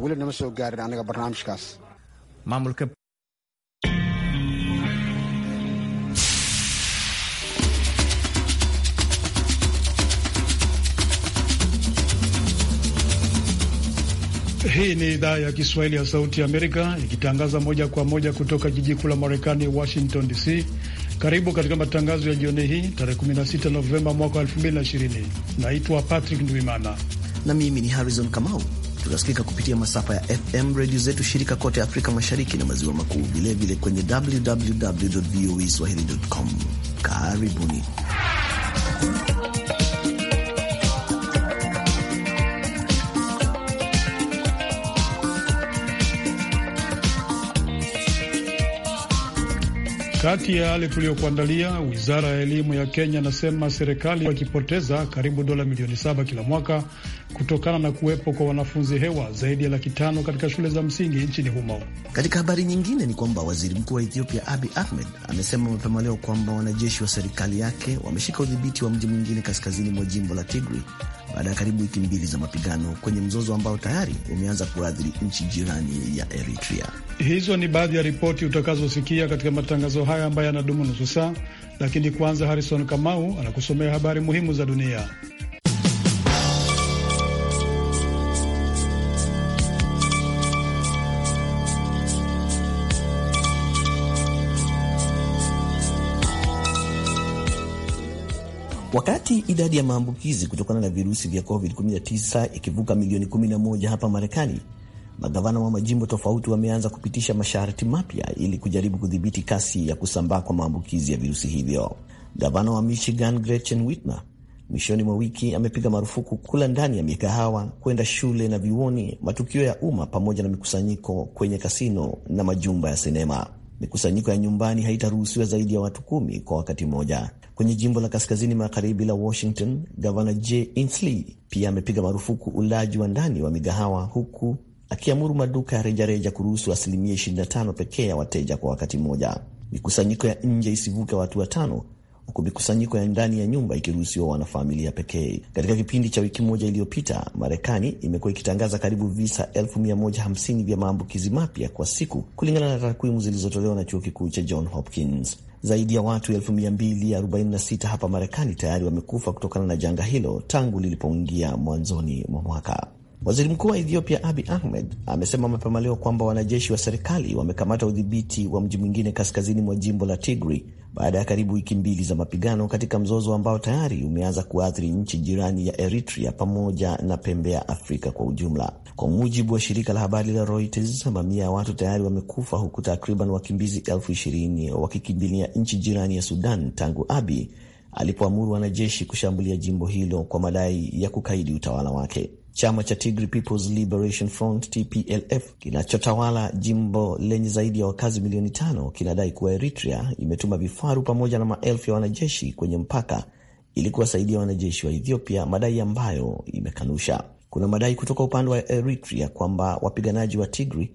weli nama soo gaarin aniga barnaamijkaas maamulka Hii ni idhaa ya Kiswahili ya Sauti ya Amerika ikitangaza moja kwa moja kutoka jiji kuu la Marekani, Washington DC. Karibu katika matangazo ya jioni hii tarehe 16 Novemba mwaka 2020. Naitwa Patrick Ndwimana na mimi ni Harrison Kamau. Tunasikika kupitia masafa ya FM redio zetu shirika kote Afrika Mashariki na Maziwa Makuu, vilevile kwenye www voa e swahili.com. Karibuni. Kati ya yale tuliyokuandalia, wizara ya elimu ya Kenya inasema serikali wakipoteza karibu dola milioni saba kila mwaka kutokana na kuwepo kwa wanafunzi hewa zaidi ya laki tano katika shule za msingi nchini humo. Katika habari nyingine ni kwamba waziri mkuu wa Ethiopia Abi Ahmed amesema mapema leo kwamba wanajeshi wa serikali yake wameshika udhibiti wa mji mwingine kaskazini mwa jimbo la Tigri baada ya karibu wiki mbili za mapigano kwenye mzozo ambao tayari umeanza kuathiri nchi jirani ya Eritrea. Hizo ni baadhi ya ripoti utakazosikia katika matangazo haya ambayo yanadumu nusu saa, lakini kwanza, Harrison Kamau anakusomea habari muhimu za dunia. wakati idadi ya maambukizi kutokana na virusi vya COVID-19 ikivuka milioni 11 hapa Marekani, magavana wa majimbo tofauti wameanza kupitisha masharti mapya ili kujaribu kudhibiti kasi ya kusambaa kwa maambukizi ya virusi hivyo. Gavana wa Michigan Gretchen Whitmer mwishoni mwa wiki amepiga marufuku kula ndani ya mikahawa, kwenda shule na viwoni matukio ya umma pamoja na mikusanyiko kwenye kasino na majumba ya sinema. Mikusanyiko ya nyumbani haitaruhusiwa zaidi ya watu kumi kwa wakati mmoja. Kwenye jimbo la kaskazini magharibi la Washington, gavana Jay Inslee pia amepiga marufuku ulaji wa ndani wa migahawa huku akiamuru maduka ya rejareja kuruhusu asilimia 25 pekee ya wateja kwa wakati mmoja. Mikusanyiko ya nje isivuke watu watano huku mikusanyiko ya ndani ya nyumba ikiruhusiwa wanafamilia pekee. Katika kipindi cha wiki moja iliyopita, Marekani imekuwa ikitangaza karibu visa 150 vya maambukizi mapya kwa siku kulingana na takwimu zilizotolewa na chuo kikuu cha John Hopkins. Zaidi ya watu 246 hapa Marekani tayari wamekufa kutokana na janga hilo tangu lilipoingia mwanzoni mwa mwaka. Waziri mkuu wa Ethiopia Abi Ahmed amesema mapema leo kwamba wanajeshi wa serikali wamekamata udhibiti wa mji mwingine kaskazini mwa jimbo la Tigri baada ya karibu wiki mbili za mapigano katika mzozo ambao tayari umeanza kuathiri nchi jirani ya Eritrea pamoja na pembe ya Afrika kwa ujumla. Kwa mujibu wa shirika la habari la Reuters, mamia ya watu tayari wamekufa huku takriban wakimbizi elfu ishirini wakikimbilia nchi jirani ya Sudan tangu Abi alipoamuru wanajeshi kushambulia jimbo hilo kwa madai ya kukaidi utawala wake. Chama cha Tigray People's Liberation Front TPLF kinachotawala jimbo lenye zaidi ya wakazi milioni tano kinadai kuwa Eritrea imetuma vifaru pamoja na maelfu ya wanajeshi kwenye mpaka ili kuwasaidia wanajeshi wa Ethiopia, madai ambayo imekanusha. Kuna madai kutoka upande wa Eritrea kwamba wapiganaji wa Tigray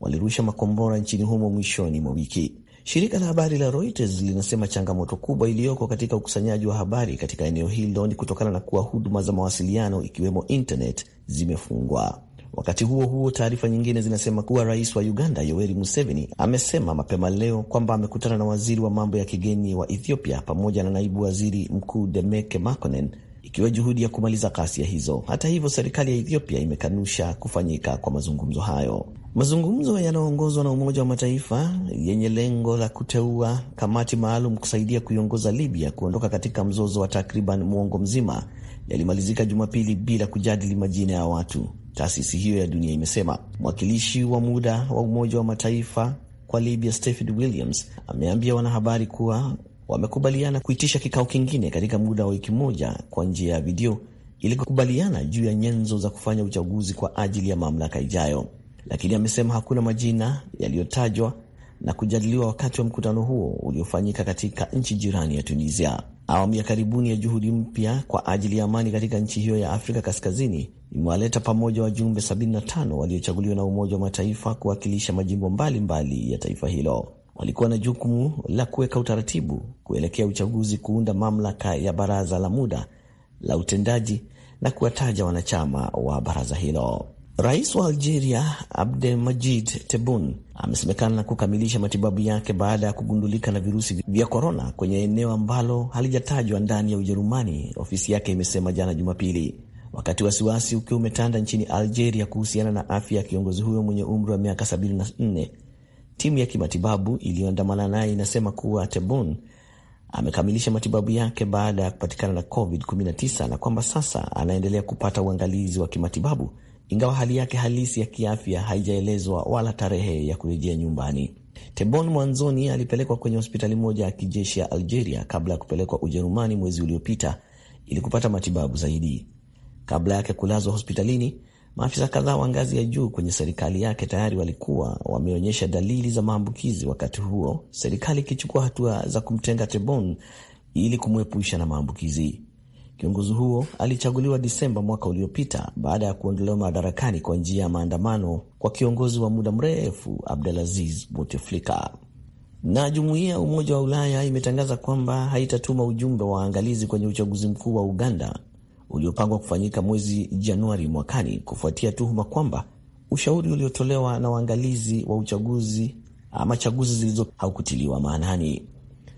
walirusha makombora nchini humo mwishoni mwa wiki. Shirika la habari la Reuters linasema changamoto kubwa iliyoko katika ukusanyaji wa habari katika eneo hilo ni kutokana na kuwa huduma za mawasiliano ikiwemo internet zimefungwa. Wakati huo huo, taarifa nyingine zinasema kuwa rais wa Uganda Yoweri Museveni amesema mapema leo kwamba amekutana na waziri wa mambo ya kigeni wa Ethiopia pamoja na naibu waziri mkuu Demeke Mekonnen ikiwa juhudi ya kumaliza ghasia hizo. Hata hivyo, serikali ya Ethiopia imekanusha kufanyika kwa mazungumzo hayo. Mazungumzo yanayoongozwa na Umoja wa Mataifa yenye lengo la kuteua kamati maalum kusaidia kuiongoza Libya kuondoka katika mzozo wa takriban mwongo mzima yalimalizika Jumapili bila kujadili majina ya watu, taasisi hiyo ya dunia imesema. Mwakilishi wa muda wa Umoja wa Mataifa kwa Libya, Stephen Williams, ameambia wanahabari kuwa wamekubaliana kuitisha kikao kingine katika muda wa wiki moja kwa njia ya video ili kukubaliana juu ya nyenzo za kufanya uchaguzi kwa ajili ya mamlaka ijayo lakini amesema hakuna majina yaliyotajwa na kujadiliwa wakati wa mkutano huo uliofanyika katika nchi jirani ya Tunisia. Awamu ya karibuni ya juhudi mpya kwa ajili ya amani katika nchi hiyo ya Afrika Kaskazini imewaleta pamoja wajumbe 75 waliochaguliwa na Umoja wa Mataifa kuwakilisha majimbo mbalimbali mbali ya taifa hilo. Walikuwa na jukumu la kuweka utaratibu kuelekea uchaguzi, kuunda mamlaka ya baraza la muda la utendaji na kuwataja wanachama wa baraza hilo. Rais wa Algeria Abdelmajid Tebboune amesemekana kukamilisha matibabu yake baada ya kugundulika na virusi vya korona kwenye eneo ambalo halijatajwa ndani ya Ujerumani, ofisi yake imesema jana Jumapili, wakati wasiwasi ukiwa umetanda nchini Algeria kuhusiana na afya ya kiongozi huyo mwenye umri wa miaka 74. Timu ya kimatibabu iliyoandamana naye inasema kuwa Tebboune amekamilisha matibabu yake baada ya kupatikana na COVID-19 na kwamba sasa anaendelea kupata uangalizi wa kimatibabu ingawa hali yake halisi ya kiafya haijaelezwa wala tarehe ya kurejea nyumbani. tebon mwanzoni alipelekwa kwenye hospitali moja ya kijeshi ya Algeria kabla ya kupelekwa Ujerumani mwezi uliopita ili kupata matibabu zaidi. Kabla yake kulazwa hospitalini, maafisa kadhaa wa ngazi ya juu kwenye serikali yake tayari walikuwa wameonyesha dalili za maambukizi, wakati huo serikali ikichukua hatua za kumtenga tebon ili kumwepusha na maambukizi. Kiongozi huo alichaguliwa Disemba mwaka uliopita baada ya kuondolewa madarakani kwa njia ya maandamano kwa kiongozi wa muda mrefu Abdelaziz Bouteflika. Na jumuiya ya Umoja wa Ulaya imetangaza kwamba haitatuma ujumbe wa waangalizi kwenye uchaguzi mkuu wa Uganda uliopangwa kufanyika mwezi Januari mwakani kufuatia tuhuma kwamba ushauri uliotolewa na waangalizi wa uchaguzi ama chaguzi zilizo haukutiliwa maanani.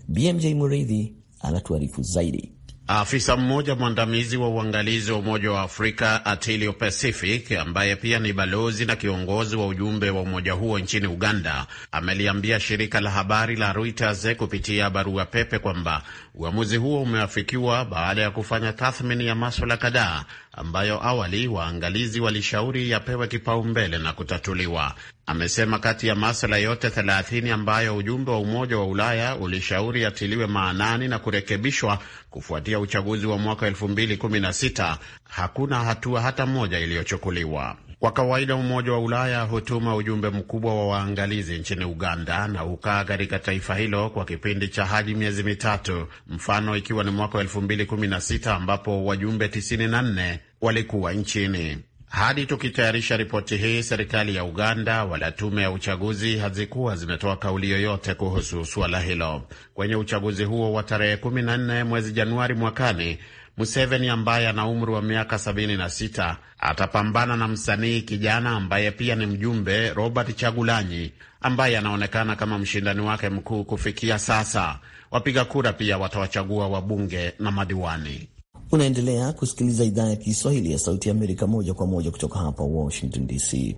BMJ Muridhi anatuarifu zaidi. Afisa mmoja mwandamizi wa uangalizi wa Umoja wa Afrika Atilio Pacific, ambaye pia ni balozi na kiongozi wa ujumbe wa umoja huo nchini Uganda, ameliambia shirika la habari la Reuters kupitia barua pepe kwamba uamuzi huo umeafikiwa baada ya kufanya tathmini ya maswala kadhaa ambayo awali waangalizi walishauri yapewe kipaumbele na kutatuliwa amesema kati ya masuala yote 30 ambayo ujumbe wa Umoja wa Ulaya ulishauri yatiliwe maanani na kurekebishwa kufuatia uchaguzi wa mwaka 2016 hakuna hatua hata moja iliyochukuliwa. Kwa kawaida Umoja wa Ulaya hutuma ujumbe mkubwa wa waangalizi nchini Uganda na hukaa katika taifa hilo kwa kipindi cha hadi miezi mitatu, mfano ikiwa ni mwaka wa 2016 ambapo wajumbe 94 walikuwa nchini. Hadi tukitayarisha ripoti hii, serikali ya Uganda wala tume ya uchaguzi hazikuwa zimetoa kauli yoyote kuhusu suala hilo. Kwenye uchaguzi huo wa tarehe 14 mwezi Januari mwakani, Museveni ambaye ana umri wa miaka 76 atapambana na msanii kijana ambaye pia ni mjumbe Robert Chagulanyi ambaye anaonekana kama mshindani wake mkuu kufikia sasa. Wapiga kura pia watawachagua wabunge na madiwani. Unaendelea kusikiliza idhaa ya Kiswahili ya Sauti ya Amerika moja kwa moja kutoka hapa Washington DC.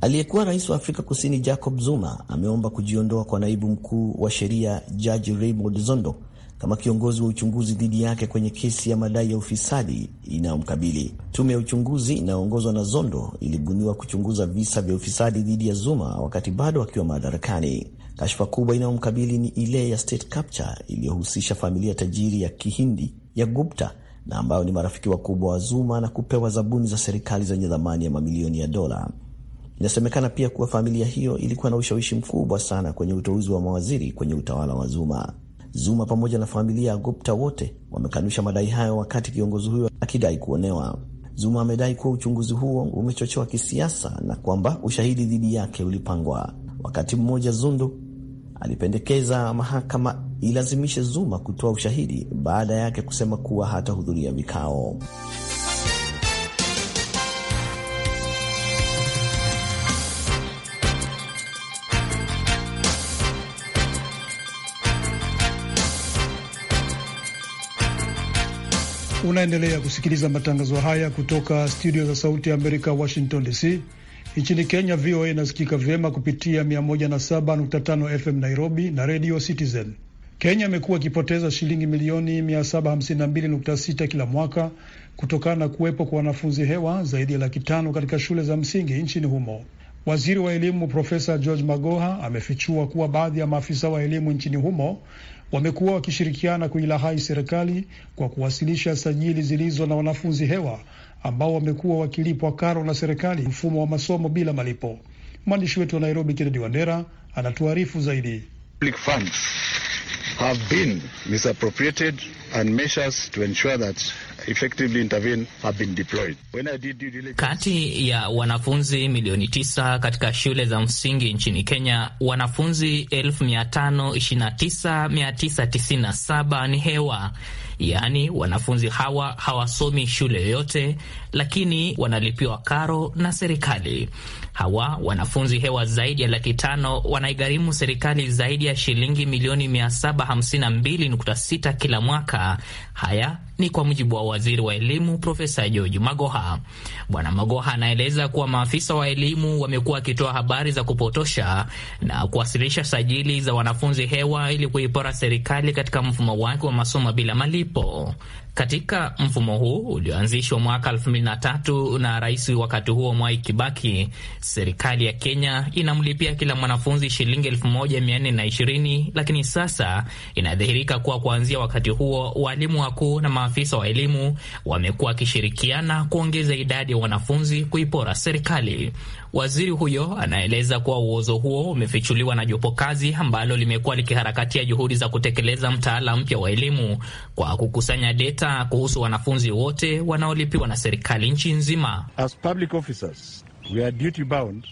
Aliyekuwa rais wa Afrika Kusini Jacob Zuma ameomba kujiondoa kwa naibu mkuu wa sheria Jaji Raymond Zondo kama kiongozi wa uchunguzi dhidi yake kwenye kesi ya madai ya ufisadi inayomkabili. Tume ya uchunguzi inayoongozwa na Zondo ilibuniwa kuchunguza visa vya ufisadi dhidi ya Zuma wakati bado akiwa madarakani. Kashfa kubwa inayomkabili ni ile ya state capture iliyohusisha familia tajiri ya Kihindi ya Gupta na ambao ni marafiki wakubwa wa Zuma na kupewa zabuni za serikali zenye dhamani ya mamilioni ya dola. Inasemekana pia kuwa familia hiyo ilikuwa na ushawishi mkubwa sana kwenye uteuzi wa mawaziri kwenye utawala wa Zuma. Zuma pamoja na familia ya Gupta wote wamekanusha madai hayo, wakati kiongozi huyo akidai kuonewa. Zuma amedai kuwa uchunguzi huo umechochewa kisiasa na kwamba ushahidi dhidi yake ulipangwa. Wakati mmoja Zundu alipendekeza mahakama ilazimishe Zuma kutoa ushahidi baada yake kusema kuwa hatahudhuria vikao. Unaendelea kusikiliza matangazo haya kutoka studio za Sauti ya Amerika, Washington DC. Nchini Kenya, VOA inasikika vyema kupitia 107.5 FM Nairobi na Radio Citizen. Kenya imekuwa ikipoteza shilingi milioni 752.6 kila mwaka kutokana na kuwepo kwa wanafunzi hewa zaidi ya laki tano katika shule za msingi nchini humo. Waziri wa elimu Profesa George Magoha amefichua kuwa baadhi ya maafisa wa elimu nchini humo wamekuwa wakishirikiana kuilahai serikali kwa kuwasilisha sajili zilizo na wanafunzi hewa ambao wamekuwa wakilipwa karo na serikali, mfumo wa masomo bila malipo. Mwandishi wetu wa Nairobi Kennedy Wandera anatuarifu zaidi have been misappropriated and measures to ensure that effectively intervene have been deployed. When I did due diligence... Kati ya wanafunzi milioni tisa katika shule za msingi nchini Kenya, wanafunzi 529,997 ni hewa, yaani wanafunzi hawa hawasomi shule yoyote, lakini wanalipiwa karo na serikali. Hawa wanafunzi hewa zaidi ya laki tano wanaigharimu serikali zaidi ya shilingi milioni 752.6 kila mwaka. Haya ni kwa mujibu wa waziri wa elimu Profesa George Magoha. Bwana Magoha anaeleza kuwa maafisa wa elimu wamekuwa wakitoa habari za kupotosha na kuwasilisha sajili za wanafunzi hewa ili kuipora serikali katika mfumo wake wa masomo bila malipo. Katika mfumo huu ulioanzishwa mwaka 2003 na rais wakati huo Mwai Kibaki, serikali ya Kenya inamlipia kila mwanafunzi shilingi 1420 lakini sasa inadhihirika kuwa kuanzia wakati huo walimu wakuu na maafisa wa elimu wamekuwa wakishirikiana kuongeza idadi ya wanafunzi kuipora serikali. Waziri huyo anaeleza kuwa uozo huo umefichuliwa na jopo kazi ambalo limekuwa likiharakatia juhudi za kutekeleza mtaala mpya wa elimu kwa kukusanya data hasa kuhusu wanafunzi wote wanaolipiwa na serikali nchi nzima. As public officers, we are duty bound.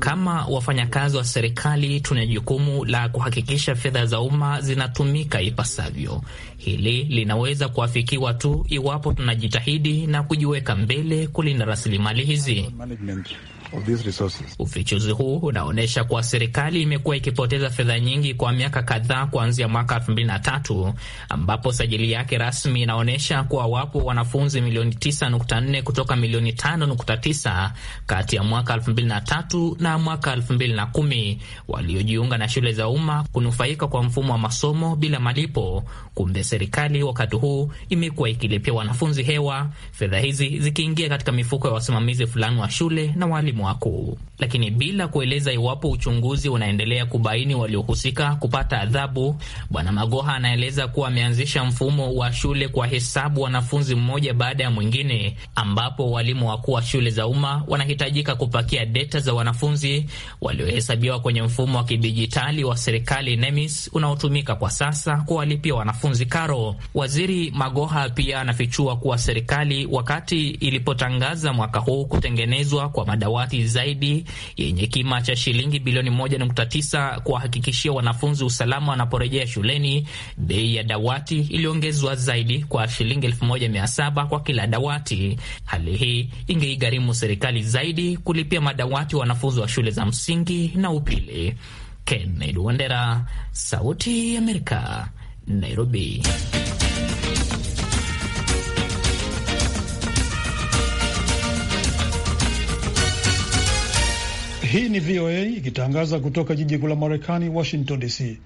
Kama wafanyakazi wa serikali tuna jukumu la kuhakikisha fedha za umma zinatumika ipasavyo. Hili linaweza kuafikiwa tu iwapo tunajitahidi na kujiweka mbele kulinda rasilimali hizi. Ufichuzi huu unaonyesha kuwa serikali imekuwa ikipoteza fedha nyingi kwa miaka kadhaa kuanzia mwaka elfu ambapo sajili yake rasmi inaonyesha kuwa wapo wanafunzi milioni 9.4 kutoka milioni 5.9 kati ya mwaka elfu na mwaka elfu waliojiunga na shule za umma kunufaika kwa mfumo wa masomo bila malipo. Kumbe serikali wakati huu imekuwa ikilipia wanafunzi hewa, fedha hizi zikiingia katika mifuko ya wasimamizi fulani wa shule na walimu mwako, lakini bila kueleza iwapo uchunguzi unaendelea kubaini waliohusika kupata adhabu. Bwana Magoha anaeleza kuwa ameanzisha mfumo wa shule kwa hesabu wanafunzi mmoja baada ya mwingine, ambapo walimu wakuu wa shule za umma wanahitajika kupakia deta za wanafunzi waliohesabiwa kwenye mfumo wa kidijitali wa serikali NEMIS unaotumika kwa sasa kuwalipia wanafunzi karo. Waziri Magoha pia anafichua kuwa serikali wakati ilipotangaza mwaka huu kutengenezwa kwa madawati kamati zaidi yenye kima cha shilingi bilioni 1.9 kuwahakikishia wanafunzi usalama wanaporejea shuleni. Bei ya dawati iliongezwa zaidi kwa shilingi 1700 kwa kila dawati. Hali hii ingeigharimu serikali zaidi kulipia madawati wanafunzi wa shule za msingi na upili. Kennedy Wandera, Sauti ya Amerika, Nairobi. Hii ni VOA ikitangaza kutoka jiji kuu la Marekani, Washington DC,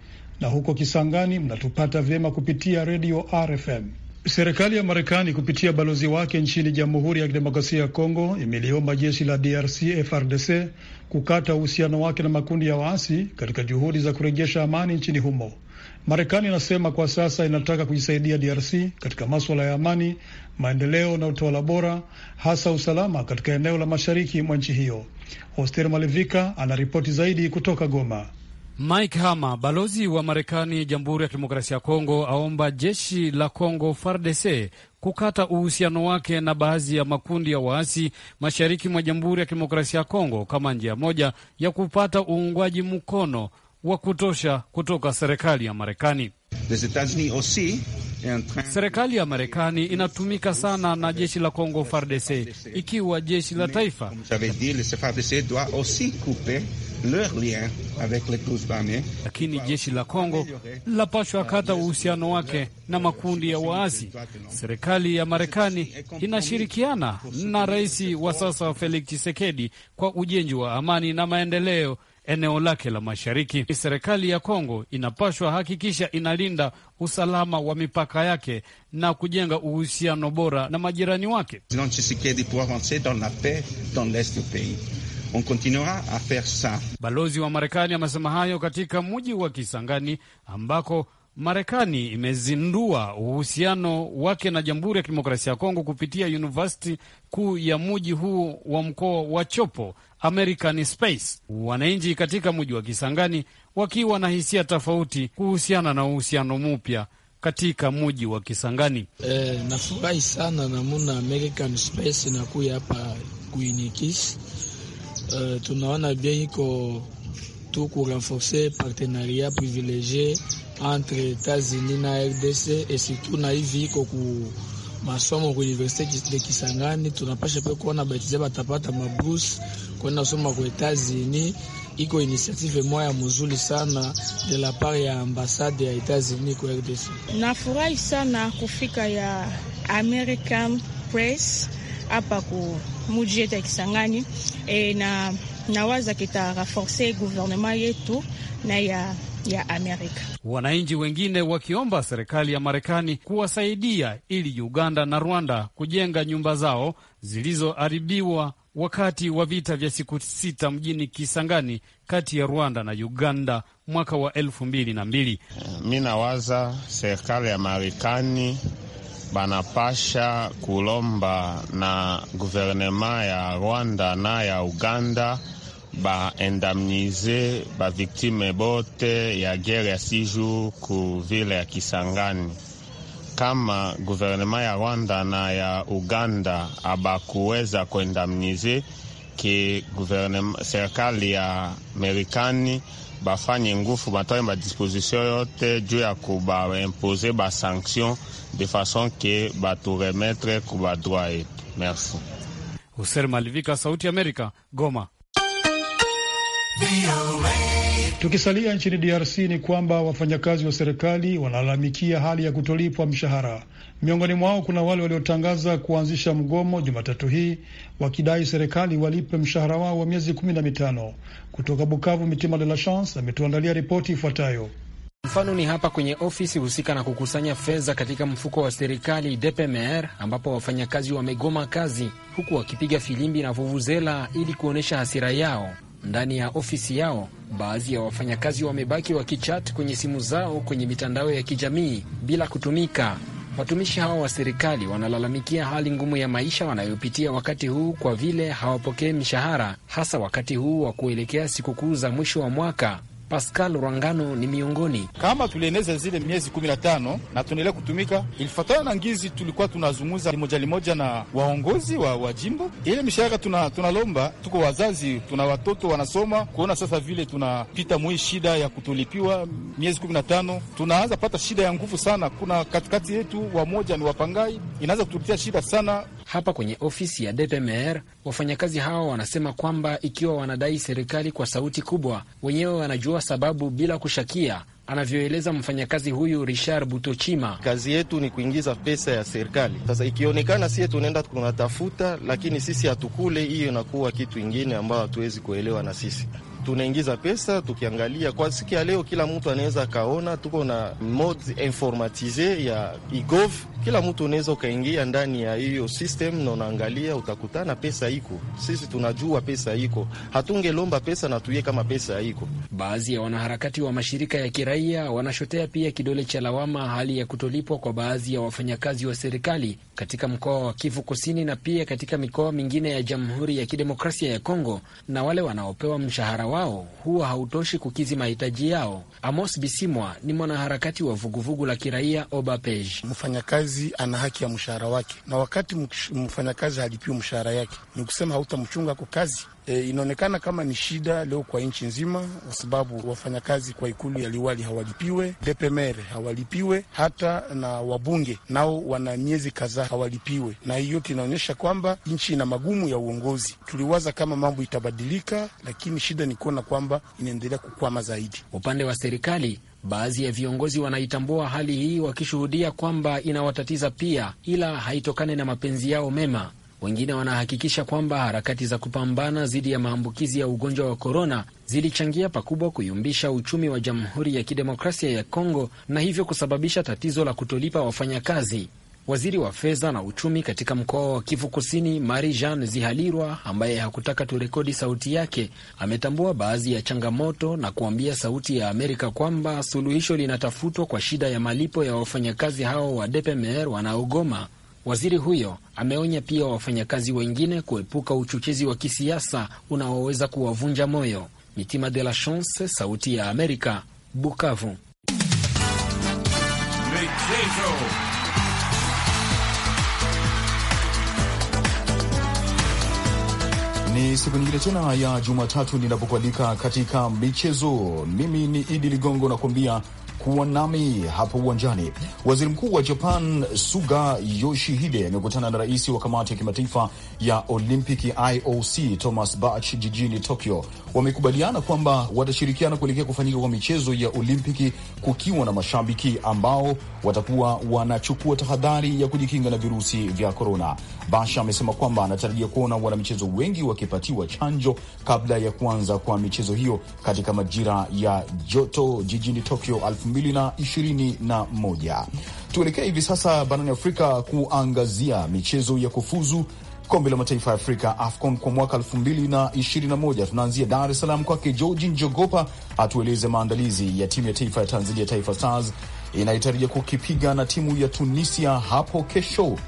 na huko Kisangani mnatupata vyema kupitia redio RFM. Serikali ya Marekani kupitia balozi wake nchini Jamhuri ya Kidemokrasia ya Kongo imeliomba jeshi la DRC FRDC kukata uhusiano wake na makundi ya waasi katika juhudi za kurejesha amani nchini humo. Marekani inasema kwa sasa inataka kuisaidia DRC katika maswala ya amani, maendeleo na utawala bora, hasa usalama katika eneo la mashariki mwa nchi hiyo. Hoster Malevika anaripoti zaidi kutoka Goma. Mike Hama, balozi wa Marekani Jamhuri ya Kidemokrasia ya Kongo, aomba jeshi la Kongo FARDC kukata uhusiano wake na baadhi ya makundi ya waasi mashariki mwa Jamhuri ya Kidemokrasia ya Kongo kama njia moja ya kupata uungwaji mkono wa kutosha kutoka serikali ya Marekani. E serikali ya Marekani inatumika sana na jeshi la Congo FARDC, ikiwa jeshi la taifa lakini jeshi la Kongo lapashwa kata uhusiano wake na makundi ya waasi. Serikali ya Marekani inashirikiana na rais wa sasa Felix Tshisekedi kwa ujenzi wa amani na maendeleo eneo lake la mashariki. Serikali ya Kongo inapashwa hakikisha inalinda usalama wa mipaka yake na kujenga uhusiano bora na majirani wake. On continuera a faire ça. Balozi wa Marekani amesema hayo katika mji wa Kisangani ambako Marekani imezindua uhusiano wake na Jamhuri ya Kidemokrasia ya Kongo kupitia university kuu ya mji huu wa mkoa wa Chopo, American Space. Wananchi katika mji wa Kisangani wakiwa na hisia tofauti kuhusiana na uhusiano mpya katika mji wa Kisangani. Eh, nafurahi sana namuna American Space nakuya hapa kuinikisi. Eh, tunaona bien iko surtout kurenforce partenariat privilégié entre états unis na RDC et surtout na hivi iko ku masomo ku université de Kisangani, tunapasha pe kuona batize batapata mabrusi kwenda kusoma ku Etats-Unis. Iko initiative moya mzuri sana de la part ya ambassade ya Etats-Unis ku RDC. Nafurahi sana kufika ya American Press hapa ku muji Kisangani e, na nawaza kitaraforce guvernema yetu na ya ya Amerika. Wananchi wengine wakiomba serikali ya Marekani kuwasaidia ili Uganda na Rwanda kujenga nyumba zao zilizoharibiwa wakati wa vita vya siku sita mjini Kisangani kati ya Rwanda na Uganda mwaka wa elfu mbili na mbili. Mi nawaza serikali ya Marekani banapasha kulomba na guvernema ya Rwanda na ya Uganda baendamnize baviktime bote ya gere ya siju ku vile ya Kisangani. Kama guvernema ya Rwanda na ya Uganda abakuweza kuendamnize ke serikali ya Marekani bafanye ngufu batoe badisposition yote juu ya kubaimpoze basanktion de fason ke baturemetre ku badroit yetu. Merci. User Malivika, Sauti Amerika, Goma. Tukisalia nchini DRC ni kwamba wafanyakazi wa serikali wanalalamikia hali ya kutolipwa mshahara. Miongoni mwao kuna wale waliotangaza kuanzisha mgomo Jumatatu hii wakidai serikali walipe mshahara wao wa miezi kumi na mitano. Kutoka Bukavu, Mitima de la Chance ametuandalia ripoti ifuatayo. Mfano ni hapa kwenye ofisi husika na kukusanya fedha katika mfuko wa serikali DPMR, ambapo wafanyakazi wamegoma kazi huku wakipiga filimbi na vuvuzela ili kuonyesha hasira yao ndani ya ofisi yao. Baadhi ya wafanyakazi wamebaki wakichat kwenye simu zao kwenye mitandao ya kijamii bila kutumika. Watumishi hawa wa serikali wanalalamikia hali ngumu ya maisha wanayopitia wakati huu, kwa vile hawapokee mishahara, hasa wakati huu wa kuelekea sikukuu za mwisho wa mwaka. Pascal Rwangano ni miongoni. Kama tulieneza zile miezi kumi na tano na tunaendelea kutumika, ilifatana na ngizi tulikuwa tunazungumza limoja limoja na waongozi wa, wa jimbo ile mishahara tuna, tunalomba tuko wazazi, tuna watoto wanasoma, kuona sasa vile tunapita mwi shida ya kutolipiwa miezi kumi na tano tunaanza pata shida ya nguvu sana. Kuna katikati yetu wamoja ni wapangai, inaanza kutulitia shida sana. Hapa kwenye ofisi ya DPMR wafanyakazi hawa wanasema kwamba ikiwa wanadai serikali kwa sauti kubwa, wenyewe wanajua kwa sababu bila kushakia anavyoeleza mfanyakazi huyu Richard Butochima, kazi yetu ni kuingiza pesa ya serikali. Sasa ikionekana sie tunaenda tunatafuta, lakini sisi hatukule, hiyo inakuwa kitu ingine ambayo hatuwezi kuelewa. Na sisi tunaingiza pesa tukiangalia, kwa siku ya leo kila mtu anaweza akaona tuko na mode informatize ya igov kila mtu unaweza ukaingia ndani ya hiyo system na unaangalia, utakutana pesa iko. Sisi tunajua pesa iko, hatungelomba pesa na tuye kama pesa iko. Baadhi ya wanaharakati wa mashirika ya kiraia wanashotea pia kidole cha lawama hali ya kutolipwa kwa baadhi ya wafanyakazi wa serikali katika mkoa wa Kivu Kusini na pia katika mikoa mingine ya Jamhuri ya Kidemokrasia ya Kongo, na wale wanaopewa mshahara wao huwa hautoshi kukizi mahitaji yao. Amos Bisimwa ni mwanaharakati wa vuguvugu la kiraia Obapej. Mfanyakazi ana haki ya mshahara wake, na wakati mfanyakazi halipiwi mshahara yake, ni kusema hautamchunga ako kazi E, inaonekana kama ni shida leo kwa nchi nzima, kwa sababu wafanyakazi kwa ikulu ya liwali hawalipiwe, DPMR hawalipiwe, hata na wabunge nao wana miezi kadhaa hawalipiwe, na hiyo yote inaonyesha kwamba nchi ina magumu ya uongozi. Tuliwaza kama mambo itabadilika, lakini shida ni kuona kwamba inaendelea kukwama zaidi. Upande wa serikali baadhi ya viongozi wanaitambua hali hii wakishuhudia kwamba inawatatiza pia, ila haitokane na mapenzi yao mema wengine wanahakikisha kwamba harakati za kupambana dhidi ya maambukizi ya ugonjwa wa korona zilichangia pakubwa kuyumbisha uchumi wa Jamhuri ya Kidemokrasia ya Kongo na hivyo kusababisha tatizo la kutolipa wafanyakazi. Waziri wa fedha na uchumi katika mkoa wa Kivu Kusini, Mari Jean Zihalirwa, ambaye hakutaka turekodi sauti yake, ametambua baadhi ya changamoto na kuambia Sauti ya Amerika kwamba suluhisho linatafutwa kwa shida ya malipo ya wafanyakazi hao wa DPMR wanaogoma. Waziri huyo ameonya pia wafanyakazi wengine kuepuka uchochezi wa kisiasa unaoweza kuwavunja moyo. Mitima de la Chance, Sauti ya Amerika, Bukavu. Michezo. Ni siku nyingine tena ya Jumatatu ninapokualika katika michezo. Mimi ni Idi Ligongo nakuambia kuwa nami hapo uwanjani. Waziri Mkuu wa Japan Suga Yoshihide amekutana na rais wa kamati ya kimataifa ya Olimpiki IOC Thomas Bach jijini Tokyo. Wamekubaliana kwamba watashirikiana kuelekea kufanyika kwa michezo ya Olimpiki kukiwa na mashabiki ambao watakuwa wanachukua tahadhari ya kujikinga na virusi vya korona. Bach amesema kwamba anatarajia kuona wanamichezo wengi wakipatiwa chanjo kabla ya kuanza kwa michezo hiyo katika majira ya joto jijini Tokyo 2021. Tuelekee hivi sasa barani Afrika kuangazia michezo ya kufuzu kombe la mataifa ya Afrika AFCON kwa mwaka 2021. Tunaanzia Dar es Salaam kwake Georgi Njogopa atueleze maandalizi ya timu ya taifa ya Tanzania, Taifa Stars inayotarajia kukipiga na timu ya Tunisia hapo kesho.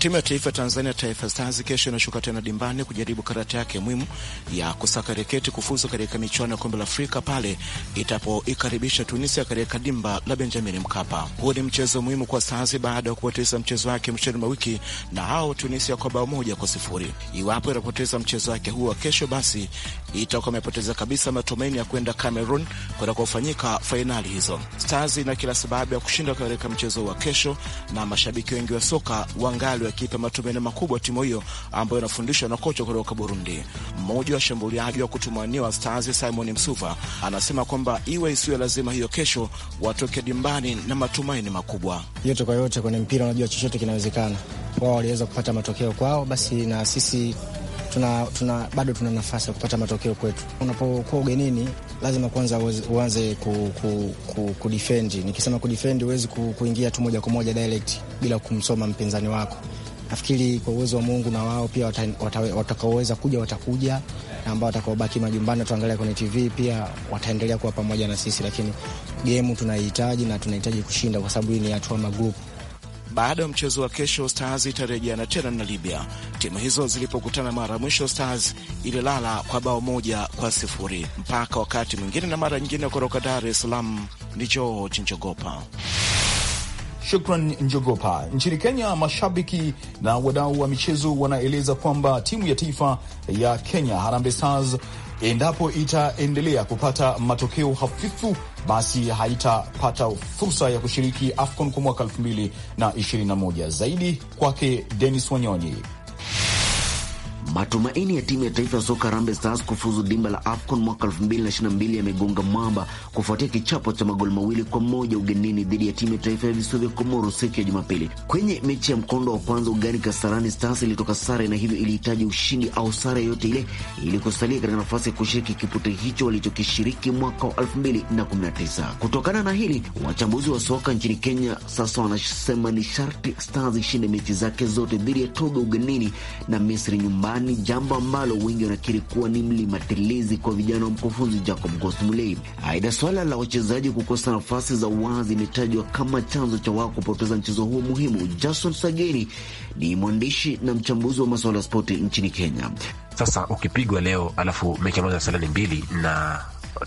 Timu ya taifa ya Tanzania, Taifa Stars, kesho inashuka tena dimbani kujaribu karata yake muhimu ya kusaka reketi kufuzu katika michuano ya kombe la Afrika pale itapoikaribisha Tunisia katika dimba la Benjamin Mkapa. Huo ni mchezo muhimu kwa Stars baada ya kupoteza mchezo wake mwishoni mwa wiki na hao Tunisia kwa bao moja kwa sifuri. Iwapo itapoteza mchezo wake huo wa kesho, basi itakuwa imepoteza kabisa matumaini ya kwenda Cameroon kufanyika fainali hizo. Stars ina kila sababu ya kushinda katika mchezo wa kesho, na mashabiki wengi wa soka wangali wakiipa matumaini makubwa timu hiyo ambayo inafundishwa na kocha kutoka Burundi. Mmoja wa shambuliaji wa kutumaniwa Stars, Simon Msuva, anasema kwamba iwe isiwe lazima hiyo kesho watoke dimbani na matumaini makubwa. Yote kwa yote, kwenye mpira unajua chochote kinawezekana. Wao waliweza kupata matokeo kwao, basi na sisi tuna, tuna, bado tuna nafasi ya kupata matokeo kwetu. Unapokuwa ugenini, lazima kwanza uanze ku, ku, ku, kudifendi. Nikisema kudifendi, huwezi ku, kuingia tu moja kwa moja direct bila kumsoma mpinzani wako. Nafikiri kwa uwezo wa Mungu na wao pia watakaoweza kuja watakuja na ambao watakaobaki majumbani tuangalia kwenye TV pia wataendelea kuwa pamoja na sisi, lakini gemu tunahitaji na tunahitaji kushinda, kwa sababu hii ni hatua magrupu baada ya mchezo wa kesho, Stars itarejeana tena na Libya. Timu hizo zilipokutana mara ya mwisho, Stars ililala kwa bao moja kwa sifuri. Mpaka wakati mwingine na mara nyingine, kutoka Dar es Salaam ni George Njogopa. Shukran Njogopa. Nchini Kenya, mashabiki na wadau wa michezo wanaeleza kwamba timu ya taifa ya Kenya Harambee Stars Endapo itaendelea kupata matokeo hafifu, basi haitapata fursa ya kushiriki AFCON kwa mwaka 2021. Zaidi kwake Denis Wanyonyi. Matumaini ya timu ya taifa ya soka Harambee Stars kufuzu dimba la AFCON mwaka 2022 yamegonga mwamba kufuatia kichapo cha magoli mawili kwa moja ugenini dhidi ya timu ya taifa ya visiwa vya Komoro siku ya Jumapili. Kwenye mechi ya mkondo wa kwanza ugani Kasarani, Stars ilitoka sare na hivyo ilihitaji ushindi au sare yote ile ili kusalia katika nafasi ya kushiriki kipute hicho walichokishiriki mwaka wa 2019. Kutokana na hili, wachambuzi wa soka nchini Kenya sasa wanasema ni sharti Stars ishinde mechi zake zote dhidi ya Togo ugenini na Misri nyumbani ni jambo ambalo wengi wanakiri kuwa ni mlima tilizi kwa vijana wa mkufunzi Jacob Gosmulei. Aidha, swala la wachezaji kukosa nafasi za uwazi imetajwa kama chanzo cha wao kupoteza mchezo huo muhimu. Jason Sageni ni mwandishi na mchambuzi wa masuala ya spoti nchini Kenya. Sasa ukipigwa leo alafu mechi moja salani mbili na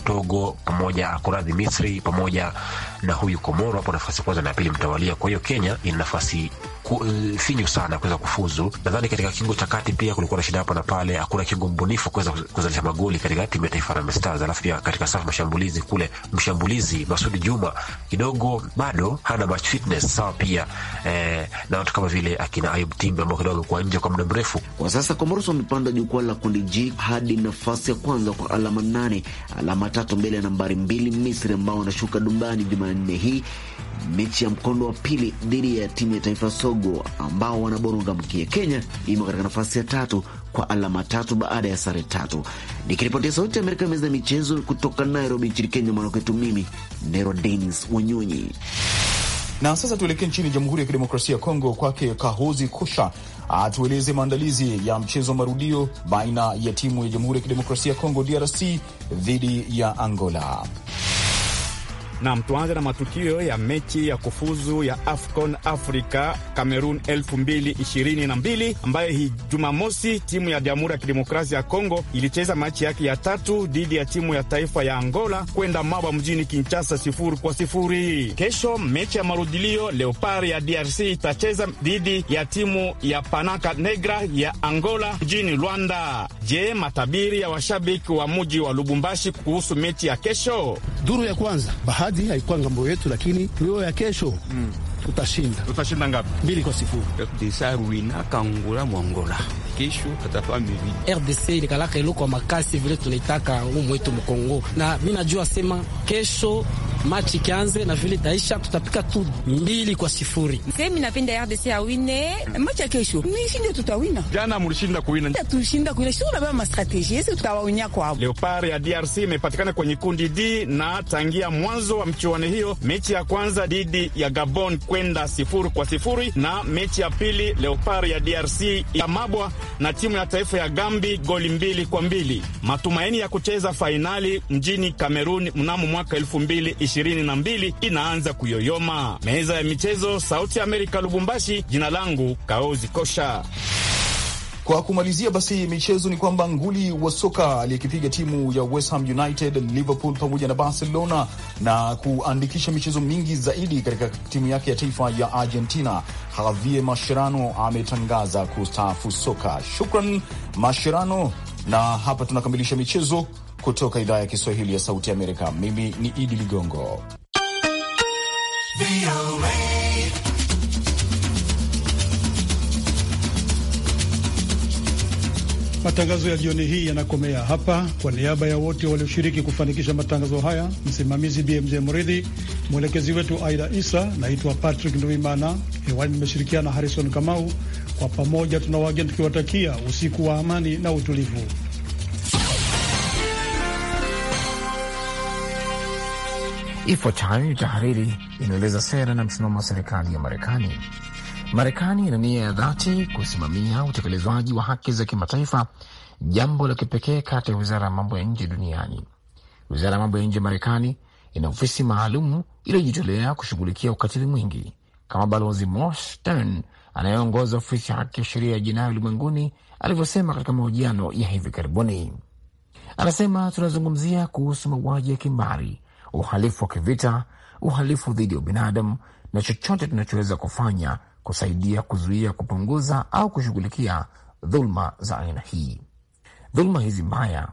Togo pamoja akuradhi, Misri pamoja na huyu Komoro hapo nafasi kwanza na ya pili mtawalia. Kwa hiyo Kenya ina nafasi Eh, finyu sana kuweza kufuzu. Nadhani katika kingo cha kati pia kulikuwa na shida hapa na pale, hakuna kingo mbunifu kuweza kuzalisha magoli katika timu ya taifa Harambee Stars. Alafu pia katika safu mashambulizi kule, mshambulizi Masudi Juma kidogo bado hana match fitness sawa, pia eh, na watu kama vile akina Ayub Timbe ambao kidogo amekuwa nje kwa muda mrefu. Kwa sasa Komoros wamepanda jukwaa la kundi G hadi nafasi ya kwanza kwa alama nane, alama tatu mbele ya nambari mbili Misri ambao wanashuka dumbani Jumanne hii mechi ya mkondo wa pili dhidi ya timu ya taifa Sogo ambao wanaboronga mkia. Kenya imo katika nafasi ya tatu kwa alama tatu baada ya sare tatu. Nikiripotia Sauti ya Amerika, meza ya michezo kutoka Nairobi nchini Kenya, mwanakwetu mimi Nero Denis Wanyonyi. Na sasa tuelekee nchini Jamhuri ya Kidemokrasia ya Kongo, kwake Kahozi kusha atueleze maandalizi ya mchezo wa marudio baina ya timu ya Jamhuri ya Kidemokrasia ya Kongo DRC dhidi ya Angola na mtuanze na matukio ya mechi ya kufuzu ya AFCON Africa Cameroon 2022 ambayo hii Jumamosi timu ya Jamhuri ya Kidemokrasia ya Kongo ilicheza machi yake ya tatu dhidi ya timu ya taifa ya Angola kwenda Mawa mjini Kinshasa sifuri kwa sifuri. Kesho mechi ya marudilio Leopard ya DRC itacheza dhidi ya timu ya Panaka Negra ya Angola mjini Luanda. Je, matabiri ya washabiki wa muji wa Lubumbashi kuhusu mechi ya kesho? Duru ya kwanza bahati zawadi haikuwa ngambo yetu, lakini tulio ya kesho mm. Tutashinda. Tutashinda ngapi? Mbili kwa sifuri. Desarwina kangula mwangola kesho atafaa mimi. RDC ilikalaka ile kwa makasi vile tunaitaka u mwetu Mkongo, na mi najua sema kesho machi kianze na vile taisha tutapika tu mbili kwa sifuri. Sehemu napenda RDC awine machi ya kesho, nishinde tutawina. Jana mulishinda kuwina, tushinda kuwina, shi baba ma yesi tutawaunya kwao. Leopard ya DRC imepatikana kwenye kundi D na tangia mwanzo wa mchuano hiyo, mechi ya kwanza dhidi ya Gabon kwenda sifuri kwa sifuri na mechi ya pili Leopard ya DRC ya Mabwa na timu ya taifa ya Gambi goli mbili kwa mbili. Matumaini ya kucheza fainali mjini Kameruni mnamo mwaka mbili inaanza kuyoyoma. Meza ya michezo, Sauti ya Amerika, Lubumbashi. Jina langu Kaozi Kosha. Kwa kumalizia basi michezo ni kwamba nguli wa soka aliyekipiga timu ya West Ham United, Liverpool pamoja na Barcelona na kuandikisha michezo mingi zaidi katika timu yake ya taifa ya Argentina, Javier Mascherano ametangaza kustaafu soka. Shukran Mascherano, na hapa tunakamilisha michezo kutoka idhaa ya Kiswahili ya Sauti Amerika. Mimi ni Idi Ligongo. Matangazo ya jioni hii yanakomea hapa. Kwa niaba ya wote walioshiriki kufanikisha matangazo haya, msimamizi BMJ Mridhi, mwelekezi wetu Aida Isa, naitwa Patrick Nduimana. Hewani nimeshirikiana Harrison Kamau. Kwa pamoja tuna wageni tukiwatakia usiku wa amani na utulivu. Ifuatayo ni tahariri inaeleza sera na msimamo wa serikali ya Marekani. Marekani ina nia ya dhati kusimamia utekelezwaji wa haki za kimataifa, jambo la kipekee kati ya wizara ya mambo ya nje duniani. Wizara ya mambo ya nje ya Marekani ina ofisi maalum iliyojitolea kushughulikia ukatili mwingi, kama Balozi Moss Stern anayeongoza ofisi ya haki ya sheria ya jinai ulimwenguni alivyosema katika mahojiano ya hivi karibuni. Anasema, tunazungumzia kuhusu mauaji ya kimbari, uhalifu wa kivita, uhalifu dhidi ya ubinadamu na chochote tunachoweza kufanya kusaidia kuzuia, kupunguza au kushughulikia dhuluma za aina hii. Dhuluma hizi mbaya,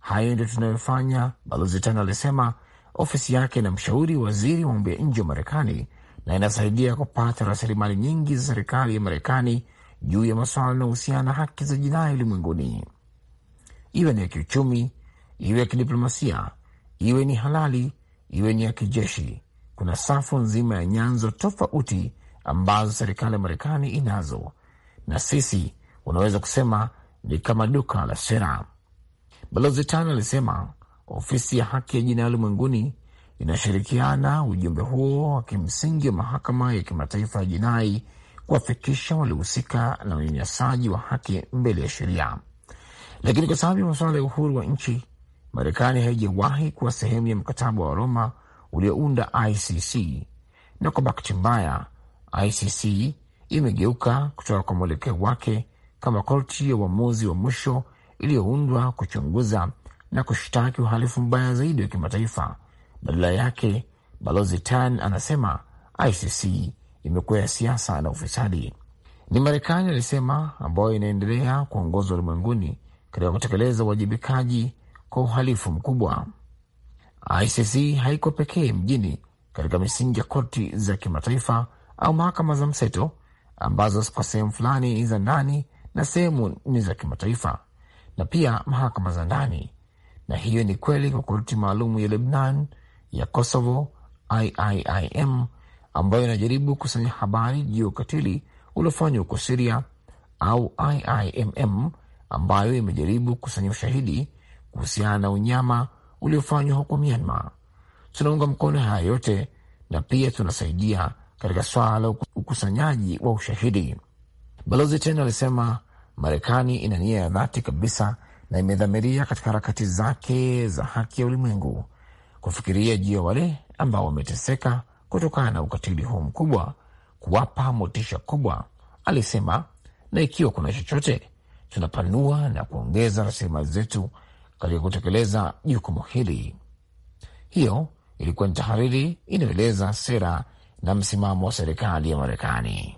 hayo ndio tunayofanya, balozi Tana alisema ofisi yake na mshauri waziri wa mambo ya nje wa Marekani na inasaidia kupata rasilimali nyingi za serikali ya Marekani juu ya masuala yanayohusiana na haki za jinai ulimwenguni, iwe ni ya kiuchumi, iwe ya kidiplomasia, iwe ni halali, iwe ni ya kijeshi. Kuna safu nzima ya nyanzo tofauti ambazo serikali ya Marekani inazo, na sisi unaweza kusema ni kama duka la sera. Balozi Tan alisema ofisi ya haki ya jinai ulimwenguni inashirikiana ujumbe huo wa kimsingi wa mahakama ya kimataifa ya jinai kuwafikisha waliohusika na unyanyasaji wa haki mbele ya sheria. Lakini kwa sababu ya masuala ya uhuru wa nchi, Marekani haijawahi kuwa sehemu ya mkataba wa Roma uliounda ICC, na kwa bahati mbaya ICC imegeuka kutoka kwa mwelekeo wake kama korti ya uamuzi wa mwisho iliyoundwa kuchunguza na kushtaki uhalifu mbaya zaidi wa kimataifa. Badala yake, balozi Tan anasema ICC imekuwa ya siasa na ufisadi. Ni Marekani, alisema, ambayo inaendelea kuongozwa ulimwenguni katika kutekeleza uwajibikaji kwa uhalifu mkubwa. ICC haiko pekee mjini katika misingi ya korti za kimataifa au mahakama za mseto ambazo kwa sehemu fulani ni za ndani na sehemu ni za kimataifa na pia mahakama za ndani, na hiyo ni kweli kwa korti maalum ya Lebnan ya Kosovo IIIM ambayo inajaribu kusanya habari juu ya ukatili uliofanywa huko Siria au IIMM ambayo imejaribu kusanya ushahidi kuhusiana na unyama uliofanywa huko Myanmar. Tunaunga mkono haya yote na pia tunasaidia katika swala la ukusanyaji wa ushahidi. Balozi tena alisema Marekani ina nia ya dhati kabisa na imedhamiria katika harakati zake za haki ya ulimwengu kufikiria juu ya wale ambao wameteseka kutokana na ukatili huu mkubwa, kuwapa motisha kubwa, alisema, na ikiwa kuna chochote, tunapanua na kuongeza rasilimali zetu katika kutekeleza jukumu hili. Hiyo ilikuwa ni tahariri inayoeleza sera na msimamo wa serikali ya Marekani.